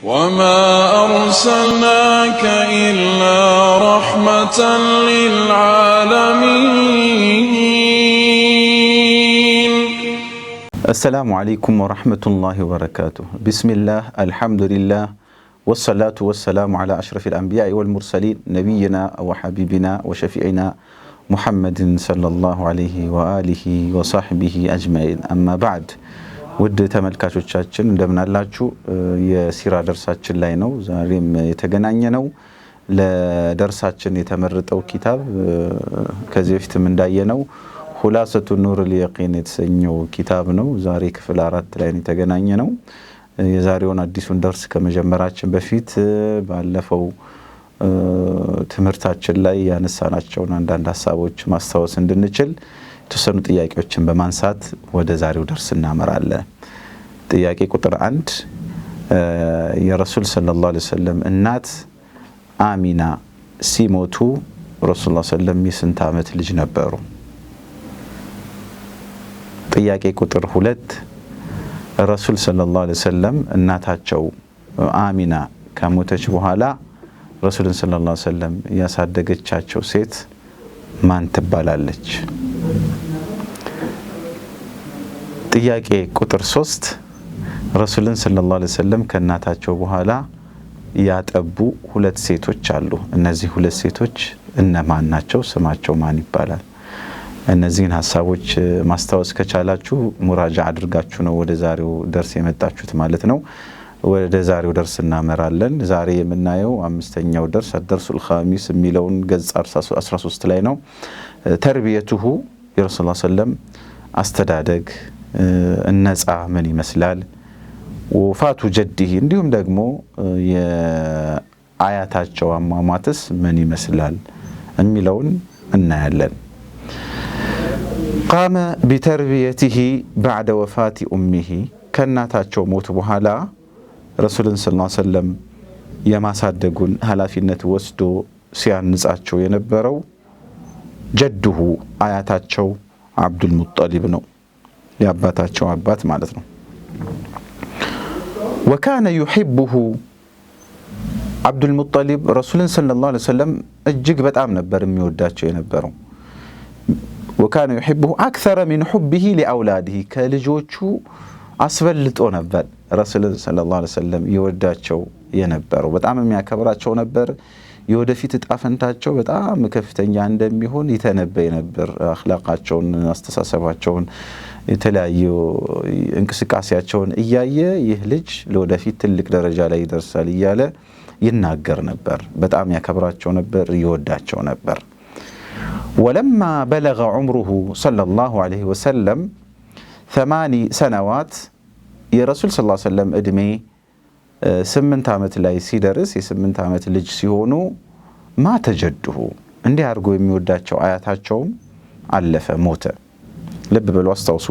وما أرسلناك إلا رحمة للعالمين السلام عليكم ورحمة الله وبركاته بسم الله الحمد لله والصلاة والسلام على أشرف الأنبياء والمرسلين نبينا وحبيبنا وشفيعنا محمد صلى الله عليه وآله وصحبه أجمعين أما بعد ውድ ተመልካቾቻችን እንደምን አላችሁ? የሲራ ደርሳችን ላይ ነው ዛሬም የተገናኘ ነው። ለደርሳችን የተመረጠው ኪታብ ከዚህ በፊትም ነው ሁላሰቱ ኑር ልየቂን የተሰኘው ኪታብ ነው። ዛሬ ክፍል አራት ላይ ነው የተገናኘ ነው። የዛሬውን አዲሱን ደርስ ከመጀመራችን በፊት ባለፈው ትምህርታችን ላይ ያነሳናቸውን አንዳንድ ሀሳቦች ማስታወስ እንድንችል የተወሰኑ ጥያቄዎችን በማንሳት ወደ ዛሬው ደርስ እናመራለን። ጥያቄ ቁጥር አንድ የረሱል ሰለላሁ ዐለይሂ ወሰለም እናት አሚና ሲሞቱ ረሱል ላ ሰለም የስንት ዓመት ልጅ ነበሩ? ጥያቄ ቁጥር ሁለት ረሱል ሰለላሁ ዐለይሂ ወሰለም እናታቸው አሚና ከሞተች በኋላ ረሱልን ሰለላሁ ዐለይሂ ወሰለም ያሳደገቻቸው ሴት ማን ትባላለች? ጥያቄ ቁጥር ሶስት ረሱልን ሰለላሁ ዐለይሂ ወሰለም ከእናታቸው በኋላ ያጠቡ ሁለት ሴቶች አሉ። እነዚህ ሁለት ሴቶች እነማን ናቸው? ስማቸው ማን ይባላል? እነዚህን ሀሳቦች ማስታወስ ከቻላችሁ ሙራጃ አድርጋችሁ ነው ወደ ዛሬው ደርስ የመጣችሁት ማለት ነው። ወደ ዛሬው ደርስ እናመራለን። ዛሬ የምናየው አምስተኛው ደርስ አደርሱል ኻሚስ የሚለውን ገጽ 13 ላይ ነው። ተርቢየቱሁ የረሱል ላ ሰለም አስተዳደግ እነጻ ምን ይመስላል፣ ወፋቱ ጀዲህ እንዲሁም ደግሞ የአያታቸው አሟሟትስ ምን ይመስላል የሚለውን እናያለን። ቃመ ቢተርቢየትህ ባዕደ ወፋቲ ኡሚህ ከእናታቸው ሞት በኋላ ረሱልን ስ ሰለም የማሳደጉን ኃላፊነት ወስዶ ሲያንጻቸው የነበረው ጀድሁ አያታቸው አብዱል ሙጠሊብ ነው፣ የአባታቸው አባት ማለት ነው። ወካነ ዩሒቡሁ አብዱል ሙጠሊብ ረሱልን ሰለላሁ ዐለይሂ ወሰለም እጅግ በጣም ነበር የሚወዳቸው የነበረው። ወካነ ዩሒቡሁ አክሰረ ሚን ሑቢሂ ሊአውላዲሂ ከልጆቹ አስበልጦ ነበር ረሱልን ሰለላሁ ዐለይሂ ወሰለም ይወዳቸው የነበረው። በጣም የሚያከብራቸው ነበር። የወደፊት እጣ በጣም ከፍተኛ እንደሚሆን ይተነበይ ነበር። አክላቃቸውን፣ አስተሳሰባቸውን፣ የተለያዩ እንቅስቃሴያቸውን እያየ ይህ ልጅ ለወደፊት ትልቅ ደረጃ ላይ ይደርሳል እያለ ይናገር ነበር። በጣም ያከብራቸው ነበር፣ ይወዳቸው ነበር። ወለማ በለገ ዑምሩሁ ሰለላሁ ዐለይሂ ወሰለም ሰማኒ ሰነዋት የረሱል ሰለላሁ ዐለይሂ ወሰለም እድሜ ስምንት ዓመት ላይ ሲደርስ የስምንት ዓመት ልጅ ሲሆኑ ማተጀድሁ እንዲህ አድርጎ የሚወዳቸው አያታቸውም አለፈ፣ ሞተ። ልብ ብሎ አስታውሱ።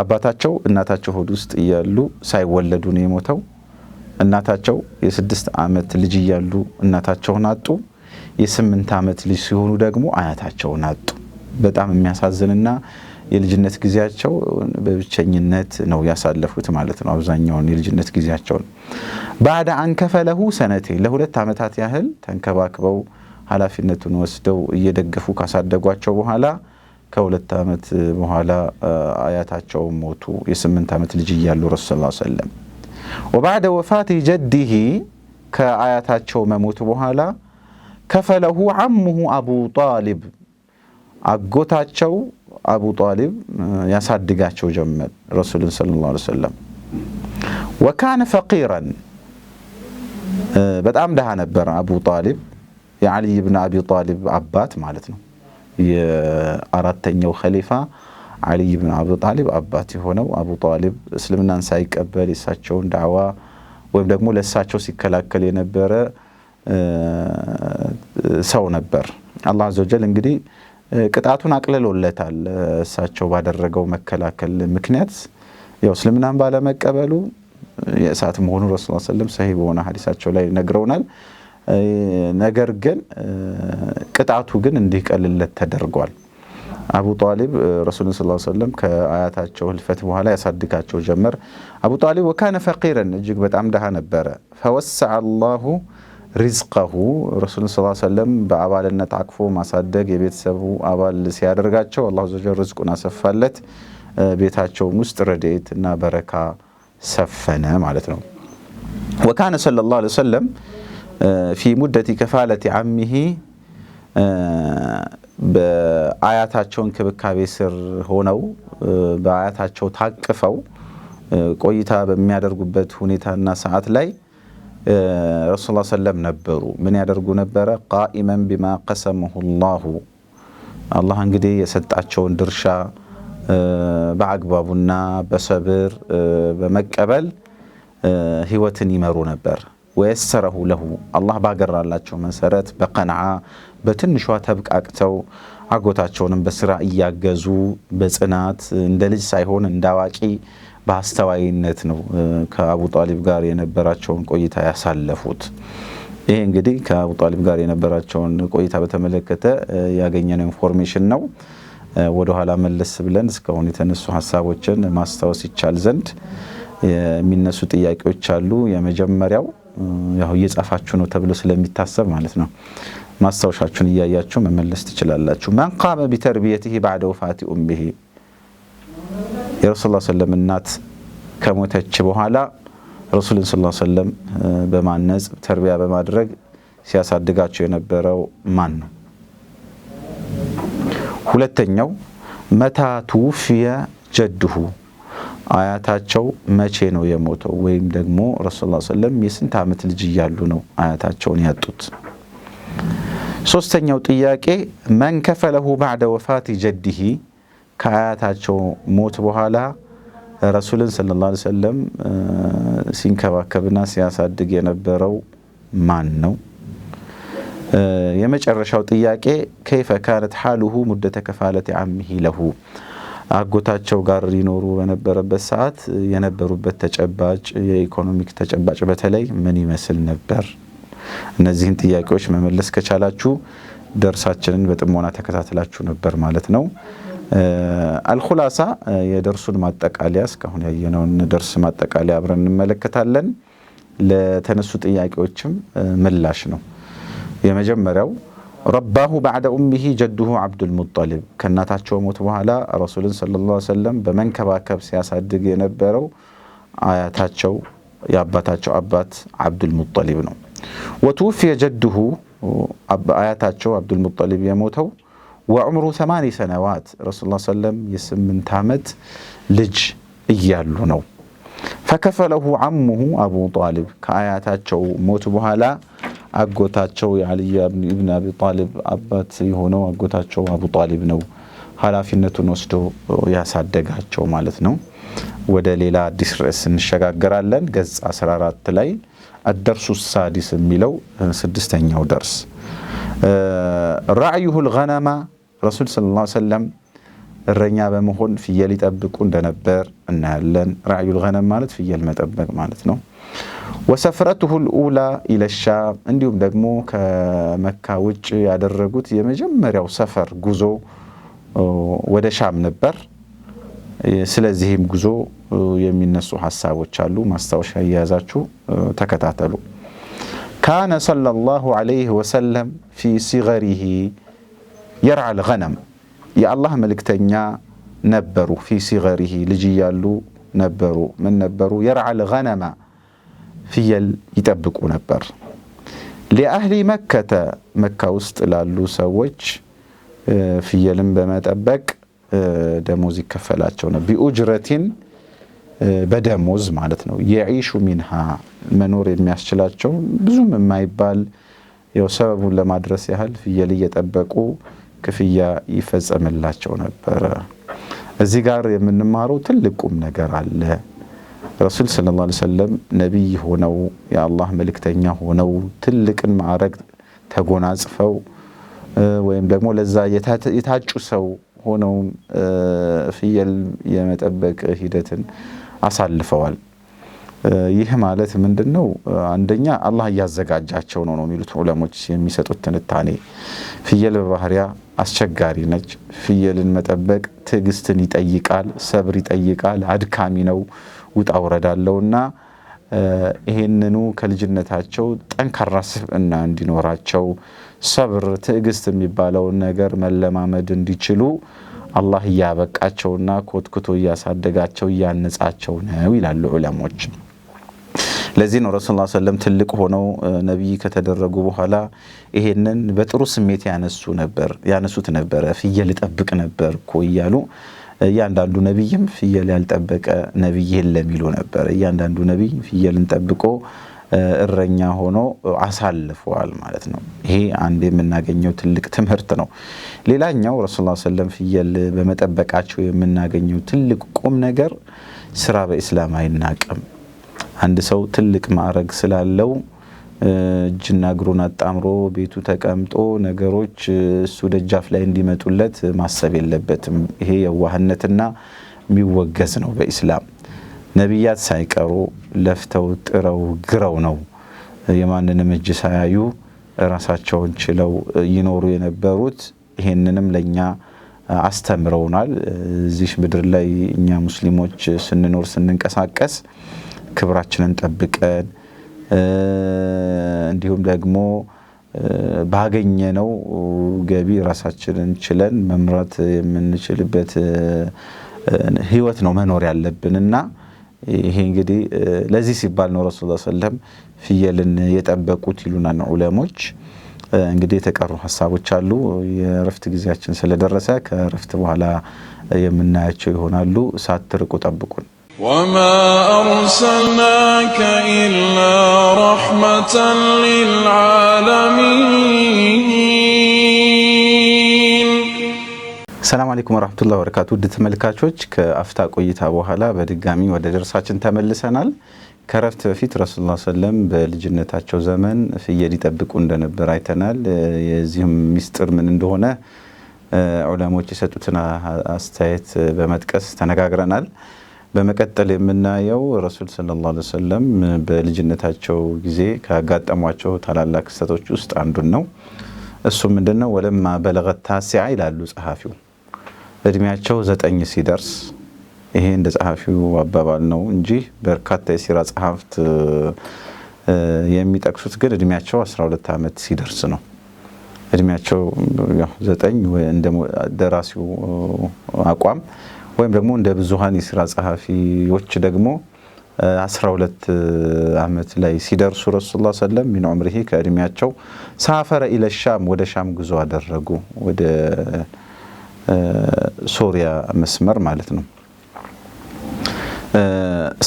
አባታቸው እናታቸው ሆድ ውስጥ እያሉ ሳይወለዱ ነው የሞተው። እናታቸው የስድስት ዓመት ልጅ እያሉ እናታቸውን አጡ። የስምንት ዓመት ልጅ ሲሆኑ ደግሞ አያታቸውን አጡ። በጣም የሚያሳዝንና የልጅነት ጊዜያቸው በብቸኝነት ነው ያሳለፉት ማለት ነው። አብዛኛውን የልጅነት ጊዜያቸውን ባዕደ አንከፈለሁ ሰነቴ ለሁለት ዓመታት ያህል ተንከባክበው ኃላፊነቱን ወስደው እየደገፉ ካሳደጓቸው በኋላ ከሁለት ዓመት በኋላ አያታቸው ሞቱ። የስምንት ዓመት ልጅ እያሉ ረሱ ስ ሰለም ወባዕደ ወፋት ጀዲሂ ከአያታቸው መሞቱ በኋላ ከፈለሁ አሙሁ አቡ ጣሊብ አጎታቸው አቡ ጣሊብ ያሳድጋቸው ጀመር ረሱልን ሰለላሁ ዐለይሂ ወሰለም። ወካነ ፈቂረን በጣም ደሃ ነበር አቡ ጣሊብ የዓልይ ብን አቢ ጣሊብ አባት ማለት ነው። የአራተኛው ኸሊፋ ዓልይ ብን አቡ ጣሊብ አባት የሆነው አቡ ጣሊብ እስልምናን ሳይቀበል የእሳቸውን ዳዕዋ ወይም ደግሞ ለእሳቸው ሲከላከል የነበረ ሰው ነበር። አላህ አዘወጀል እንግዲህ ቅጣቱን አቅልሎለታል። እሳቸው ባደረገው መከላከል ምክንያት ያው እስልምናን ባለመቀበሉ የእሳት መሆኑ ረሱ ሰለም ሰሂህ በሆነ ሀዲሳቸው ላይ ነግረውናል። ነገር ግን ቅጣቱ ግን እንዲቀልለት ተደርጓል። አቡ ጣሊብ ረሱልን ስ ሰለም ከአያታቸው ህልፈት በኋላ ያሳድጋቸው ጀመር። አቡ ጣሊብ ወካነ ፈቂረን እጅግ በጣም ድሃ ነበረ። ፈወሰዐ አላሁ ሪዝቀሁ ረሱል ስ ሰለም በአባልነት አቅፎ ማሳደግ የቤተሰቡ አባል ሲያደርጋቸው አላሁ ዘወጀል ርዝቁን አሰፋለት። ቤታቸውም ውስጥ ረድኤት እና በረካ ሰፈነ ማለት ነው። ወካነ ሰለላሁ ዐለይሂ ወሰለም ፊ ሙደቲ ከፋለቲ አሚሂ በአያታቸው እንክብካቤ ስር ሆነው በአያታቸው ታቅፈው ቆይታ በሚያደርጉበት ሁኔታና ሰዓት ላይ ረሱ ሰለም ነበሩ። ምን ያደርጉ ነበረ? ቃኢመን ቢማ ቀሰመሁ ላሁ አላህ እንግዲህ የሰጣቸውን ድርሻ በአግባቡና በሰብር በመቀበል ህይወትን ይመሩ ነበር። ወየሰረሁ ለሁ አላህ ባገራላቸው መሰረት በቀንዓ በትንሿ ተብቃቅተው አጎታቸውንም በስራ እያገዙ በጽናት እንደ ልጅ ሳይሆን እንደ አዋቂ በአስተዋይነት ነው ከአቡ ጣሊብ ጋር የነበራቸውን ቆይታ ያሳለፉት። ይሄ እንግዲህ ከአቡ ጣሊብ ጋር የነበራቸውን ቆይታ በተመለከተ ያገኘነው ኢንፎርሜሽን ነው። ወደኋላ መለስ ብለን እስካሁን የተነሱ ሀሳቦችን ማስታወስ ይቻል ዘንድ የሚነሱ ጥያቄዎች አሉ። የመጀመሪያው ያው እየጻፋችሁ ነው ተብሎ ስለሚታሰብ ማለት ነው። ማስታወሻችሁን እያያችሁ መመለስ ትችላላችሁ። መን ቃመ ቢተርቢየትህ ባዕደ ውፋቲ ኡምህ የረሱል ሰለም እናት ከሞተች በኋላ ረሱልን ስ ሰለም በማነጽ ተርቢያ በማድረግ ሲያሳድጋቸው የነበረው ማን ነው? ሁለተኛው መታ ቱፍየ ጀድሁ አያታቸው መቼ ነው የሞተው? ወይም ደግሞ ረሱል ሰለም የስንት ዓመት ልጅ እያሉ ነው አያታቸውን ያጡት? ሶስተኛው ጥያቄ መን ከፈለሁ ባዕደ ወፋት ጀድሂ ከአያታቸው ሞት በኋላ ረሱልን ሰለላሁ ዐለይሂ ወሰለም ሲንከባከብና ሲያሳድግ የነበረው ማን ነው? የመጨረሻው ጥያቄ ከይፈ ካነት ሓልሁ ሙደተ ከፋለት ዓሚሂ ለሁ አጎታቸው ጋር ሊኖሩ በነበረበት ሰዓት የነበሩበት ተጨባጭ የኢኮኖሚክ ተጨባጭ በተለይ ምን ይመስል ነበር? እነዚህን ጥያቄዎች መመለስ ከቻላችሁ ደርሳችንን በጥሞና ተከታትላችሁ ነበር ማለት ነው። አልኩላሳ የደርሱን ማጠቃለያ እስካሁን ያየነውን ደርስ ማጠቃለያ አብረን እንመለከታለን። ለተነሱ ጥያቄዎችም ምላሽ ነው። የመጀመሪያው ረባሁ ባዕደ ኡሚሂ ጀዱሁ ዓብዱልሙጠሊብ ከእናታቸው ሞት በኋላ ረሱልን ሰለላሁ ዐለይሂ ወሰለም በመንከባከብ ሲያሳድግ የነበረው አያታቸው የአባታቸው አባት ዓብዱልሙጠሊብ ነው። ወቱፊየ ጀድሁ አያታቸው ዓብዱልሙጠሊብ የሞተው ወዑምሩ ሰማኒ ሰነዋት ረሱል ላ ሰለም የስምንት ዓመት ልጅ እያሉ ነው። ፈከፈለሁ አሙሁ አቡ ጣሊብ ከአያታቸው ሞት በኋላ አጎታቸው የዓልይ ብን አቢ ጣሊብ አባት የሆነው አጎታቸው አቡ ጣሊብ ነው ኃላፊነቱን ወስዶ ያሳደጋቸው ማለት ነው። ወደ ሌላ አዲስ ርዕስ እንሸጋገራለን። ገጽ 14 ላይ አደርሱ ሳዲስ የሚለው ስድስተኛው ደርስ ራዕዩሁ ልገነማ ረሱል ሰለላሁ ዐለይሂ ወሰለም እረኛ በመሆን ፍየል ይጠብቁ እንደነበር እናያለን። ራዕዩል ገነም ማለት ፍየል መጠበቅ ማለት ነው። ወሰፍረቱሁል ኡላ ኢለሻም እንዲሁም ደግሞ ከመካ ውጭ ያደረጉት የመጀመሪያው ሰፈር ጉዞ ወደ ሻም ነበር። ስለዚህም ጉዞ የሚነሱ ሀሳቦች አሉ። ማስታወሻ እየያዛችሁ ተከታተሉ። ካነ ሰለላሁ ዐለይሂ ወሰለም ፊ ሲገሪሂ የርዓል ገነም የአላህ መልእክተኛ ነበሩ። ፊ ሲገሪሂ ልጅ እያሉ ነበሩ። ምን ነበሩ? የርዓል ገነማ ፍየል ይጠብቁ ነበር። ሊአህሊ መከተ መካ ውስጥ ላሉ ሰዎች ፍየልን በመጠበቅ ደሞዝ ይከፈላቸው ነበር። ቢኡጅረቲን በደሞዝ ማለት ነው። የዒሹ ሚንሃ መኖር የሚያስችላቸው ብዙም የማይባል ያው ሰበቡን ለማድረስ ያህል ፍየል እየጠበቁ ክፍያ ይፈጸምላቸው ነበረ። እዚህ ጋር የምንማረው ትልቅ ቁም ነገር አለ። ረሱል ሰለላሁ ዐለይሂ ወሰለም ነቢይ ሆነው የአላህ መልእክተኛ ሆነው ትልቅን ማዕረግ ተጎናጽፈው ወይም ደግሞ ለዛ የታጩ ሰው ሆነውም ፍየል የመጠበቅ ሂደትን አሳልፈዋል። ይህ ማለት ምንድን ነው? አንደኛ አላህ እያዘጋጃቸው ነው ነው የሚሉት ዑለሞች የሚሰጡት ትንታኔ ፍየል በባህሪያ አስቸጋሪ ነች። ፍየልን መጠበቅ ትዕግስትን ይጠይቃል፣ ሰብር ይጠይቃል፣ አድካሚ ነው፣ ውጣ ውረድ አለውና ይሄንኑ ከልጅነታቸው ጠንካራ ስብዕና እንዲኖራቸው ሰብር፣ ትዕግስት የሚባለውን ነገር መለማመድ እንዲችሉ አላህ እያበቃቸውና ኮትኩቶ እያሳደጋቸው እያነጻቸው ነው ይላሉ ዑለሞች። ለዚህ ነው ረሱል ላ ሰለም ትልቅ ሆነው ነቢይ ከተደረጉ በኋላ ይሄንን በጥሩ ስሜት ያነሱ ነበር ያነሱት ነበረ። ፍየል ጠብቅ ነበር እኮ እያሉ እያንዳንዱ ነቢይም ፍየል ያልጠበቀ ነቢይ የለም ይሉ ነበር። እያንዳንዱ ነቢይ ፍየልን ጠብቆ እረኛ ሆኖ አሳልፈዋል ማለት ነው። ይሄ አንድ የምናገኘው ትልቅ ትምህርት ነው። ሌላኛው ረሱል ላ ሰለም ፍየል በመጠበቃቸው የምናገኘው ትልቅ ቁም ነገር ስራ በኢስላም አይናቅም አንድ ሰው ትልቅ ማዕረግ ስላለው እጅና እግሩን አጣምሮ ቤቱ ተቀምጦ ነገሮች እሱ ደጃፍ ላይ እንዲመጡለት ማሰብ የለበትም። ይሄ የዋህነትና የሚወገዝ ነው። በኢስላም ነቢያት ሳይቀሩ ለፍተው ጥረው ግረው ነው የማንንም እጅ ሳያዩ ራሳቸውን ችለው ይኖሩ የነበሩት። ይሄንንም ለእኛ አስተምረውናል። እዚሽ ምድር ላይ እኛ ሙስሊሞች ስንኖር ስንንቀሳቀስ ክብራችንን ጠብቀን እንዲሁም ደግሞ ባገኘነው ገቢ ራሳችንን ችለን መምራት የምንችልበት ህይወት ነው መኖር ያለብን እና ይሄ እንግዲህ ለዚህ ሲባል ነው ረሱ ሰለም ፍየልን የጠበቁት ይሉናል ዑለሞች። እንግዲህ የተቀሩ ሀሳቦች አሉ። የእረፍት ጊዜያችን ስለደረሰ ከእረፍት በኋላ የምናያቸው ይሆናሉ። ሳትርቁ ጠብቁን። وما أرسلناك إلا رحمة للعالمين ሰላም አለይኩም ወራህመቱላሂ ወበረካቱ። ውድ ተመልካቾች ከአፍታ ቆይታ በኋላ በድጋሚ ወደ ደርሳችን ተመልሰናል። ከረፍት በፊት ረሱል ላ ሰለም በልጅነታቸው ዘመን ፍየል ይጠብቁ እንደነበር አይተናል። የዚህም ሚስጥር ምን እንደሆነ ዑለሞች የሰጡትን አስተያየት በመጥቀስ ተነጋግረናል። በመቀጠል የምናየው ረሱል ሰለላሁ ዐለይሂ ወሰለም በልጅነታቸው ጊዜ ካጋጠሟቸው ታላላቅ ክስተቶች ውስጥ አንዱን ነው። እሱ ምንድን ነው? ወለማ በለገት ታሲዓ ይላሉ ጸሐፊው። እድሜያቸው ዘጠኝ ሲደርስ ይሄ እንደ ጸሐፊው አባባል ነው እንጂ በርካታ የሲራ ጸሐፍት የሚጠቅሱት ግን እድሜያቸው 12 ዓመት ሲደርስ ነው። እድሜያቸው ዘጠኝ እንደ ደራሲው አቋም ወይም ደግሞ እንደ ብዙሀን የስራ ጸሐፊዎች ደግሞ አስራ ሁለት ዓመት ላይ ሲደርሱ ረሱል ላ ሰለም ሚን ዑምሪሂ ከእድሜያቸው ሳፈረ ኢለ ሻም ወደ ሻም ጉዞ አደረጉ። ወደ ሶሪያ መስመር ማለት ነው።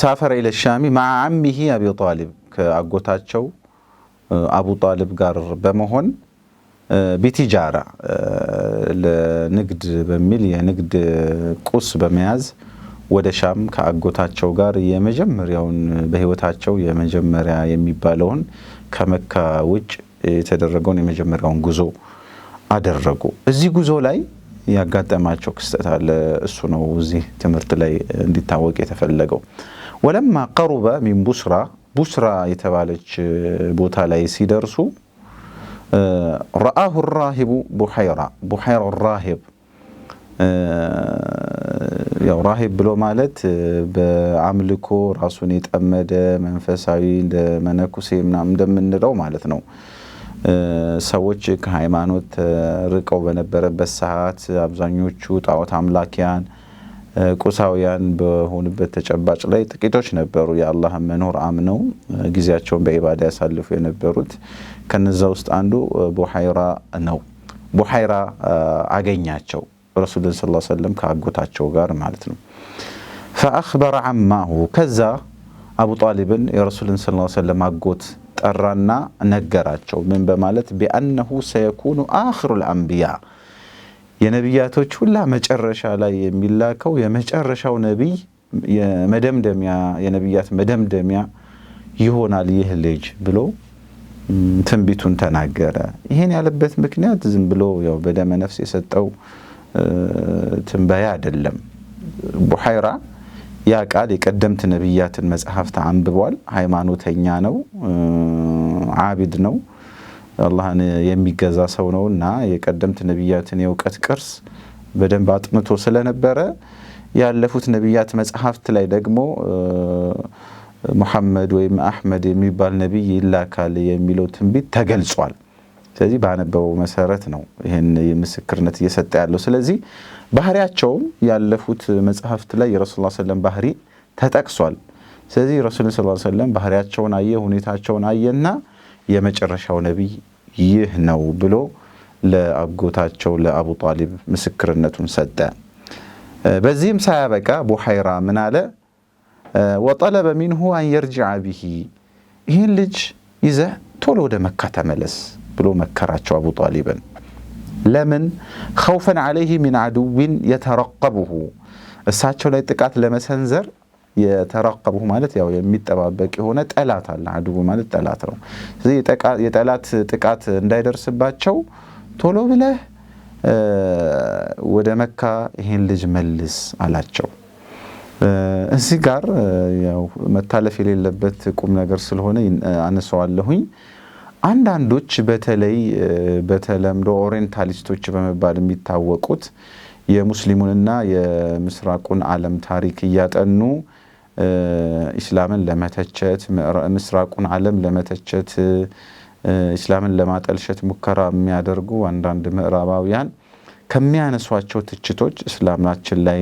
ሳፈረ ኢለ ሻሚ ማዓ ዓሚሂ አቢ ጣሊብ ከአጎታቸው አቡ ጣሊብ ጋር በመሆን ቢቲጃራ ለንግድ በሚል የንግድ ቁስ በመያዝ ወደ ሻም ከአጎታቸው ጋር የመጀመሪያውን በህይወታቸው የመጀመሪያ የሚባለውን ከመካ ውጭ የተደረገውን የመጀመሪያውን ጉዞ አደረጉ። እዚህ ጉዞ ላይ ያጋጠማቸው ክስተት አለ። እሱ ነው እዚህ ትምህርት ላይ እንዲታወቅ የተፈለገው። ወለማ ቀሩበ ሚን ቡስራ ቡስራ የተባለች ቦታ ላይ ሲደርሱ ረአሁ ራሂቡ ቡሐይራ ቡሐይራ ራሂብ ያው ራሂብ ብሎ ማለት በአምልኮ ራሱን የጠመደ መንፈሳዊ እንደ መነኩሴ ምናምን እንደምንለው ማለት ነው። ሰዎች ከሃይማኖት ርቀው በነበረበት ሰዓት አብዛኞቹ ጣዖት አምላኪያን ቁሳውያን በሆኑበት ተጨባጭ ላይ ጥቂቶች ነበሩ የአላህን መኖር አምነው ጊዜያቸውን በኢባዳ ያሳልፉ የነበሩት። ከነዛ ውስጥ አንዱ ቡሐይራ ነው። ቡሐይራ አገኛቸው ረሱልን ስ ሰለም ከአጎታቸው ጋር ማለት ነው። ፈአክበረ አማሁ ከዛ አቡ ጣሊብን የረሱልን ስ ሰለም አጎት ጠራና ነገራቸው። ምን በማለት ቢአነሁ ሰየኩኑ አክሩ ልአንቢያ የነቢያቶች ሁላ መጨረሻ ላይ የሚላከው የመጨረሻው ነቢይ የመደምደሚያ የነቢያት መደምደሚያ ይሆናል ይህ ልጅ ብሎ ትንቢቱን ተናገረ። ይሄን ያለበት ምክንያት ዝም ብሎ ያው በደመ ነፍስ የሰጠው ትንበያ አይደለም። ቡሐይራ ያ ቃል የቀደምት ነቢያትን መጽሐፍት አንብቧል። ሃይማኖተኛ ነው፣ አቢድ ነው፣ አላህን የሚገዛ ሰው ነው እና የቀደምት ነቢያትን የእውቀት ቅርስ በደንብ አጥንቶ ስለነበረ ያለፉት ነቢያት መጽሐፍት ላይ ደግሞ ሙሐመድ ወይም አሕመድ የሚባል ነቢይ ይላካል የሚለው ትንቢት ተገልጿል። ስለዚህ ባነበበው መሰረት ነው ይህን ምስክርነት እየሰጠ ያለው። ስለዚህ ባህሪያቸውም ያለፉት መጽሐፍት ላይ የረሱል ሰለም ባህሪ ተጠቅሷል። ስለዚህ ረሱል ሰለም ባህሪያቸውን አየ፣ ሁኔታቸውን አየና የመጨረሻው ነቢይ ይህ ነው ብሎ ለአጎታቸው ለአቡ ጣሊብ ምስክርነቱን ሰጠ። በዚህም ሳያበቃ ቡሐይራ ምን አለ? ወጠለበ ሚንሁ አን የርጅዐ ቢሂ ይህን ልጅ ይዘህ ቶሎ ወደ መካ ተመለስ ብሎ መከራቸው አቡ ጣሊብን። ለምን ኸውፈን ዓለይህ ሚን አድዊን የተረቀቡሁ እሳቸው ላይ ጥቃት ለመሰንዘር የተረቀቡ ማለት ያው የሚጠባበቅ የሆነ ጠላት አለ። አድቡ ማለት ጠላት ነው። ስለዚህ የጠላት ጥቃት እንዳይደርስባቸው ቶሎ ብለህ ወደ መካ ይህን ልጅ መልስ አላቸው። እዚህ ጋር ያው መታለፍ የሌለበት ቁም ነገር ስለሆነ አነሳዋለሁኝ። አንዳንዶች በተለይ በተለምዶ ኦሪየንታሊስቶች በመባል የሚታወቁት የሙስሊሙንና የምስራቁን ዓለም ታሪክ እያጠኑ ኢስላምን ለመተቸት ምስራቁን ዓለም ለመተቸት ኢስላምን ለማጠልሸት ሙከራ የሚያደርጉ አንዳንድ ምዕራባውያን ከሚያነሷቸው ትችቶች እስላማችን ላይ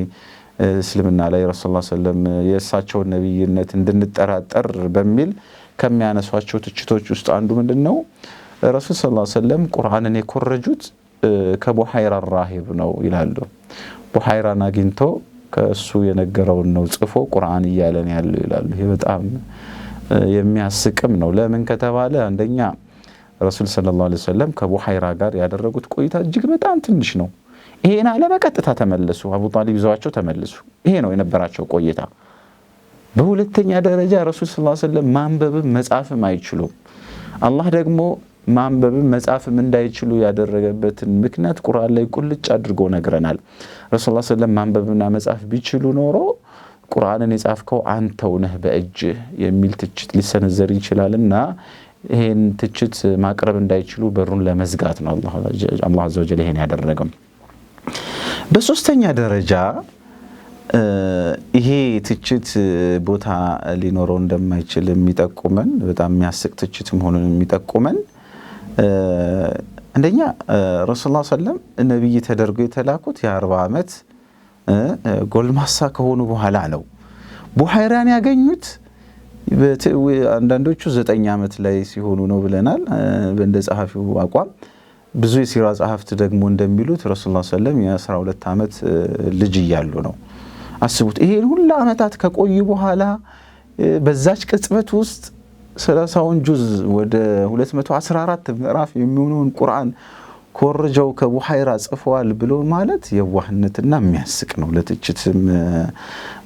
እስልምና ላይ ረሱል ሰለም የእሳቸውን ነቢይነት እንድንጠራጠር በሚል ከሚያነሷቸው ትችቶች ውስጥ አንዱ ምንድን ነው? ረሱል ስ ሰለም ቁርአንን የኮረጁት ከቡሐይራ ራሂብ ነው ይላሉ። ቡሐይራን አግኝቶ ከእሱ የነገረውን ነው ጽፎ ቁርአን እያለን ያለው ይላሉ። ይህ በጣም የሚያስቅም ነው። ለምን ከተባለ አንደኛ ረሱል ስለ ላ ሰለም ከቡሐይራ ጋር ያደረጉት ቆይታ እጅግ በጣም ትንሽ ነው። ይሄን አለ በቀጥታ ተመለሱ። አቡ ጣሊብ ይዘዋቸው ተመለሱ። ይሄ ነው የነበራቸው ቆይታ። በሁለተኛ ደረጃ ረሱል ስ ስለም ማንበብም መጻፍም አይችሉም። አላህ ደግሞ ማንበብም መጻፍም እንዳይችሉ ያደረገበትን ምክንያት ቁርአን ላይ ቁልጭ አድርጎ ነግረናል። ረሱል ስ ስለም ማንበብና መጻፍ ቢችሉ ኖሮ ቁርአንን የጻፍከው አንተው ነህ በእጅህ የሚል ትችት ሊሰነዘር ይችላልና ይህን ትችት ማቅረብ እንዳይችሉ በሩን ለመዝጋት ነው አላህ አዘወጀል ይሄን ያደረገው። በሶስተኛ ደረጃ ይሄ ትችት ቦታ ሊኖረው እንደማይችል የሚጠቁመን በጣም የሚያስቅ ትችት መሆኑን የሚጠቁመን አንደኛ ረሱል ሰለም ነቢይ ተደርገው የተላኩት የአርባ ዓመት ጎልማሳ ከሆኑ በኋላ ነው። ቡሐይራን ያገኙት አንዳንዶቹ ዘጠኝ ዓመት ላይ ሲሆኑ ነው ብለናል። እንደ ጸሐፊው አቋም ብዙ የሲራ ጸሐፍት ደግሞ እንደሚሉት ረሱል ሰለም የአስራ ሁለት ዓመት ልጅ እያሉ ነው። አስቡት ይሄን ሁሉ ዓመታት ከቆዩ በኋላ በዛች ቅጽበት ውስጥ ሰላሳውን ጁዝ ወደ 214 ምዕራፍ የሚሆነውን ቁርአን ኮርጀው ከቡሐይራ ጽፈዋል ብሎ ማለት የዋህነትና የሚያስቅ ነው። ለትችትም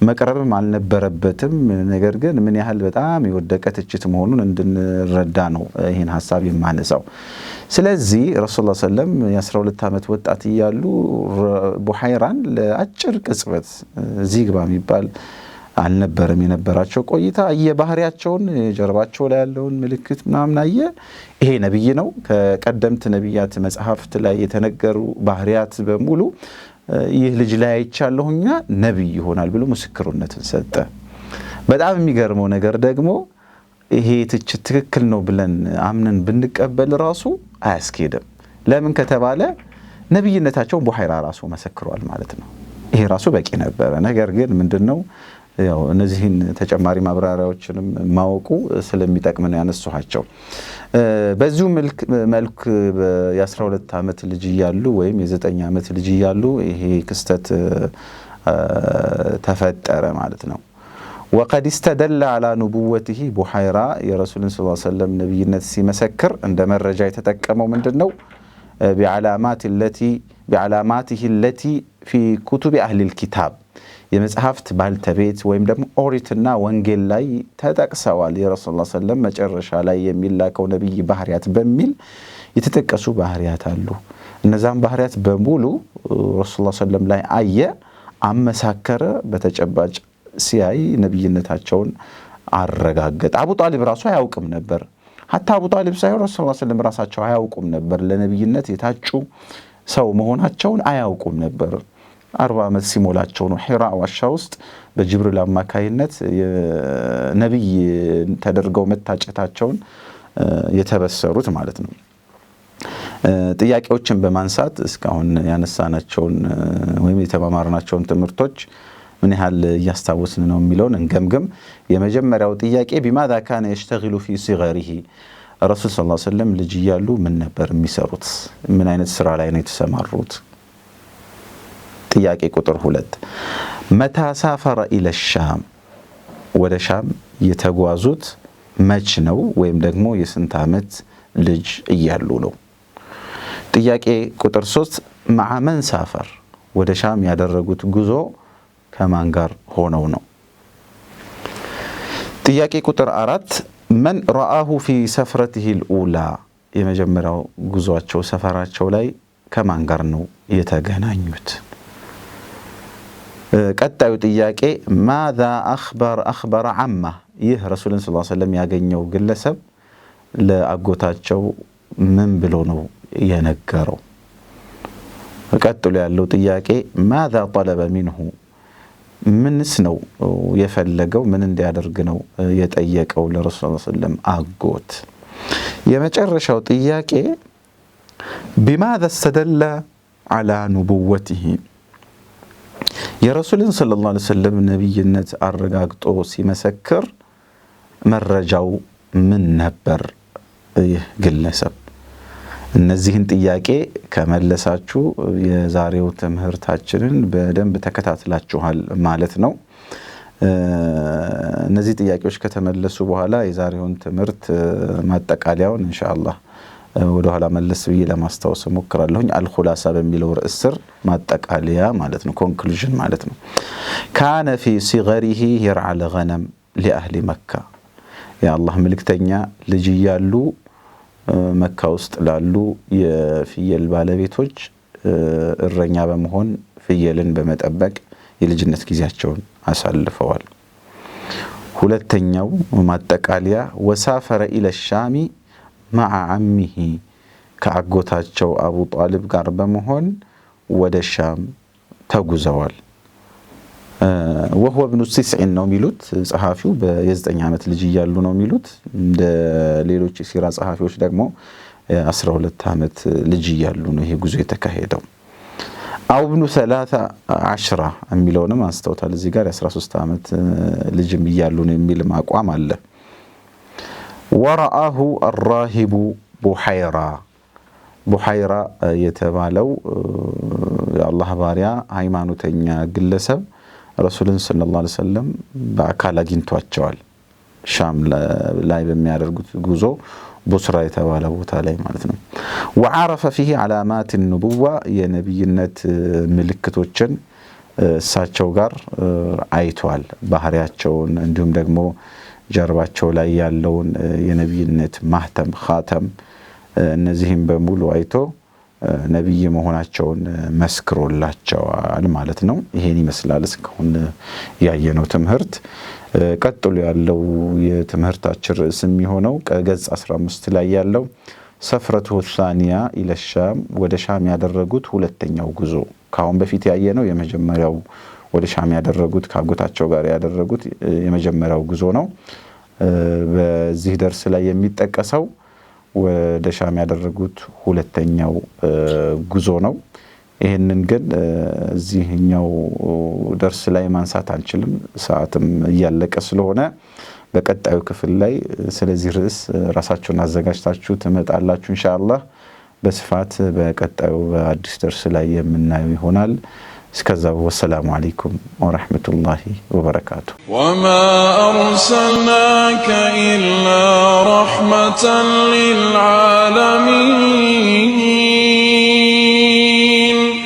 መቅረብም አልነበረበትም። ነገር ግን ምን ያህል በጣም የወደቀ ትችት መሆኑን እንድንረዳ ነው ይህን ሀሳብ የማነሳው። ስለዚህ ረሱል ሰለም የ12 ዓመት ወጣት እያሉ ቡሐይራን ለአጭር ቅጽበት እዚህ ግባ የሚባል አልነበረም የነበራቸው ቆይታ። የባህሪያቸውን ጀርባቸው ላይ ያለውን ምልክት ምናምን አየ። ይሄ ነቢይ ነው። ከቀደምት ነቢያት መጽሐፍት ላይ የተነገሩ ባህሪያት በሙሉ ይህ ልጅ ላይ አይቻለሁኛ ነቢይ ይሆናል ብሎ ምስክርነትን ሰጠ። በጣም የሚገርመው ነገር ደግሞ ይሄ ትችት ትክክል ነው ብለን አምነን ብንቀበል ራሱ አያስኬድም። ለምን ከተባለ ነቢይነታቸውን ቡሐይራ ራሱ መሰክሯል ማለት ነው። ይሄ ራሱ በቂ ነበረ። ነገር ግን ምንድን ነው ያው እነዚህን ተጨማሪ ማብራሪያዎችንም ማወቁ ስለሚጠቅም ነው ያነሷቸው። በዚሁ መልክ የ12 ዓመት ልጅ እያሉ ወይም የ9 ዓመት ልጅ እያሉ ይሄ ክስተት ተፈጠረ ማለት ነው። ወቀድ ስተደለ አላ ኑቡወትህ ቡሐይራ የረሱልን ስ ሰለም ነቢይነት ሲመሰክር እንደ መረጃ የተጠቀመው ምንድን ነው? ቢዓላማትህ ለቲ ፊ ኩቱቢ አህሊል ኪታብ የመጽሐፍት ባልተቤት ወይም ደግሞ ኦሪትና ወንጌል ላይ ተጠቅሰዋል። የረሱል ሰለም መጨረሻ ላይ የሚላከው ነቢይ ባህርያት በሚል የተጠቀሱ ባህርያት አሉ። እነዛም ባህርያት በሙሉ ረሱል ሰለም ላይ አየ፣ አመሳከረ። በተጨባጭ ሲያይ ነቢይነታቸውን አረጋገጠ። አቡ ጣሊብ ራሱ አያውቅም ነበር። ሀታ አቡ ጣሊብ ሳይሆን ረሱል ሰለም ራሳቸው አያውቁም ነበር። ለነቢይነት የታጩ ሰው መሆናቸውን አያውቁም ነበር። አርባ ዓመት ሲሞላቸው ነው ሂራ ዋሻ ውስጥ በጅብሪል አማካይነት ነቢይ ተደርገው መታጨታቸውን የተበሰሩት ማለት ነው። ጥያቄዎችን በማንሳት እስካሁን ያነሳናቸውን ወይም የተማማርናቸውን ትምህርቶች ምን ያህል እያስታወስን ነው የሚለውን እንገምግም። የመጀመሪያው ጥያቄ ቢማዛ ካነ የሽተግሉ ፊ ሲገሪሂ ረሱል ስ ሰለም ልጅ እያሉ ምን ነበር የሚሰሩት? ምን አይነት ስራ ላይ ነው የተሰማሩት? ጥያቄ ቁጥር ሁለት መታ ሳፈረ ኢለ ሻም ወደ ሻም የተጓዙት መች ነው ወይም ደግሞ የስንት ዓመት ልጅ እያሉ ነው? ጥያቄ ቁጥር ሶስት መዓመን ሳፈር ወደ ሻም ያደረጉት ጉዞ ከማን ጋር ሆነው ነው? ጥያቄ ቁጥር አራት መን ረአሁ ፊ ሰፍረትህ ልኡላ የመጀመሪያው ጉዟቸው ሰፈራቸው ላይ ከማን ጋር ነው የተገናኙት? ቀጣዩ ጥያቄ ማዛ አኽበር አኽበረ አማ ይህ ረሱልን ስ ሰለም ያገኘው ግለሰብ ለአጎታቸው ምን ብሎ ነው የነገረው? ቀጥሎ ያለው ጥያቄ ማዛ ጠለበ ሚንሁ ምንስ ነው የፈለገው? ምን እንዲያደርግ ነው የጠየቀው ለረሱል ሰለም አጎት? የመጨረሻው ጥያቄ ቢማዛ ስተደለ ዓላ ኑቡወትህ የረሱልን ሰለላሁ ዐለይሂ ወሰለም ነቢይነት አረጋግጦ ሲመሰክር መረጃው ምን ነበር? ይህ ግለሰብ እነዚህን ጥያቄ ከመለሳችሁ የዛሬው ትምህርታችንን በደንብ ተከታትላችኋል ማለት ነው። እነዚህ ጥያቄዎች ከተመለሱ በኋላ የዛሬውን ትምህርት ማጠቃለያውን እንሻ ወደኋላ መለስ ብዬ ለማስታወስ ሞክራለሁኝ። አልኩላሳ በሚለው ርዕስ ስር ማጠቃለያ ማለት ነው፣ ኮንክሉዥን ማለት ነው። ካነ ፊ ሲገሪሂ የርዓ ልገነም ሊአህሊ መካ የአላህ ምልክተኛ ልጅ እያሉ መካ ውስጥ ላሉ የፍየል ባለቤቶች እረኛ በመሆን ፍየልን በመጠበቅ የልጅነት ጊዜያቸውን አሳልፈዋል። ሁለተኛው ማጠቃለያ ወሳፈረ ኢለሻሚ መዓ አሚሂ ከአጎታቸው አቡ ጣልብ ጋር በመሆን ወደ ሻም ተጉዘዋል። ወህወ ብኑ ሲስዒን ነው የሚሉት ጸሐፊው። የዘጠኝ ዓመት ልጅ እያሉ ነው የሚሉት። እንደ ሌሎች ሲራ ጸሐፊዎች ደግሞ አስራ ሁለት ዓመት ልጅ እያሉ ነው ይሄ ጉዞ የተካሄደው። አው ብኑ ሰላሳ አሽራ የሚለውንም አንስተውታል እዚህ ጋር የ13 ዓመት ልጅም እያሉ ነው የሚልም አቋም አለ። ወረአሁ አራሂቡ ቡሐይራ ቡሐይራ የተባለው የአላህ ባሪያ ሃይማኖተኛ ግለሰብ ረሱልን ሰለላሁ ዐለይሂ ወሰለም በአካል አግኝቷቸዋል። ሻም ላይ በሚያደርጉት ጉዞ ቡስራ የተባለ ቦታ ላይ ማለት ነው። ወዓረፈ ፊህ ዓላማት ንቡዋ የነቢይነት ምልክቶችን እሳቸው ጋር አይቷል። ባህሪያቸውን እንዲሁም ደግሞ ጀርባቸው ላይ ያለውን የነቢይነት ማህተም ካተም እነዚህም በሙሉ አይቶ ነቢይ መሆናቸውን መስክሮላቸዋል ማለት ነው። ይሄን ይመስላል እስካሁን ያየነው ትምህርት። ቀጥሎ ያለው የትምህርታችን ርዕስ የሚሆነው ከገጽ 15 ላይ ያለው ሰፍረቱ ሳኒያ ኢለሻም ወደ ሻም ያደረጉት ሁለተኛው ጉዞ። ከአሁን በፊት ያየነው የመጀመሪያው ወደ ሻም ያደረጉት ከአጎታቸው ጋር ያደረጉት የመጀመሪያው ጉዞ ነው። በዚህ ደርስ ላይ የሚጠቀሰው ወደ ሻም ያደረጉት ሁለተኛው ጉዞ ነው። ይህንን ግን እዚህኛው ደርስ ላይ ማንሳት አንችልም፣ ሰዓትም እያለቀ ስለሆነ በቀጣዩ ክፍል ላይ ስለዚህ ርዕስ ራሳችሁን አዘጋጅታችሁ ትመጣላችሁ። እንሻአላህ በስፋት በቀጣዩ በአዲስ ደርስ ላይ የምናየው ይሆናል። እስከዛው ወሰላሙ አለይኩም ወረሕመቱላሂ ወበረካቱ። ወማ አርሰልናከ ኢላ ረሕመተን ሊልዓለሚን